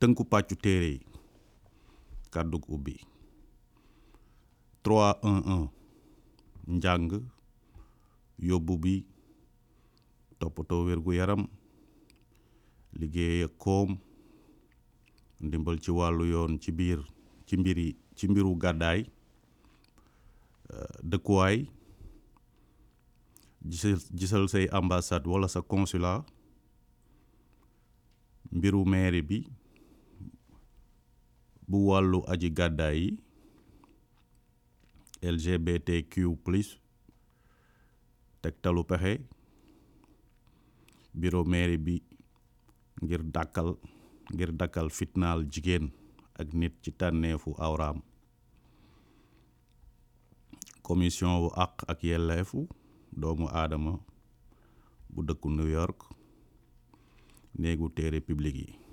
tënku pàccu téere yi kàddug ubbi 311 njàng yóbbu bi toppatoo wér-gu-yaram liggéey koom ndimbal ci wàllu yoon ci biir ci mbiri ci mbiru gàddaay euh, dëkkuwaay gisal say ambassade wala sa consulat mbiru mairie bi bu wàllu aji gàddaay yi LGBTQ plus tegtalu pexe bureau mairie bi ngir dàkkal ngir dàkkal fitnaal jigéen ak nit ci tànneefu awraam commission wu àq ak yelleefu doomu aadama bu dëkku New York néegu téere publique yi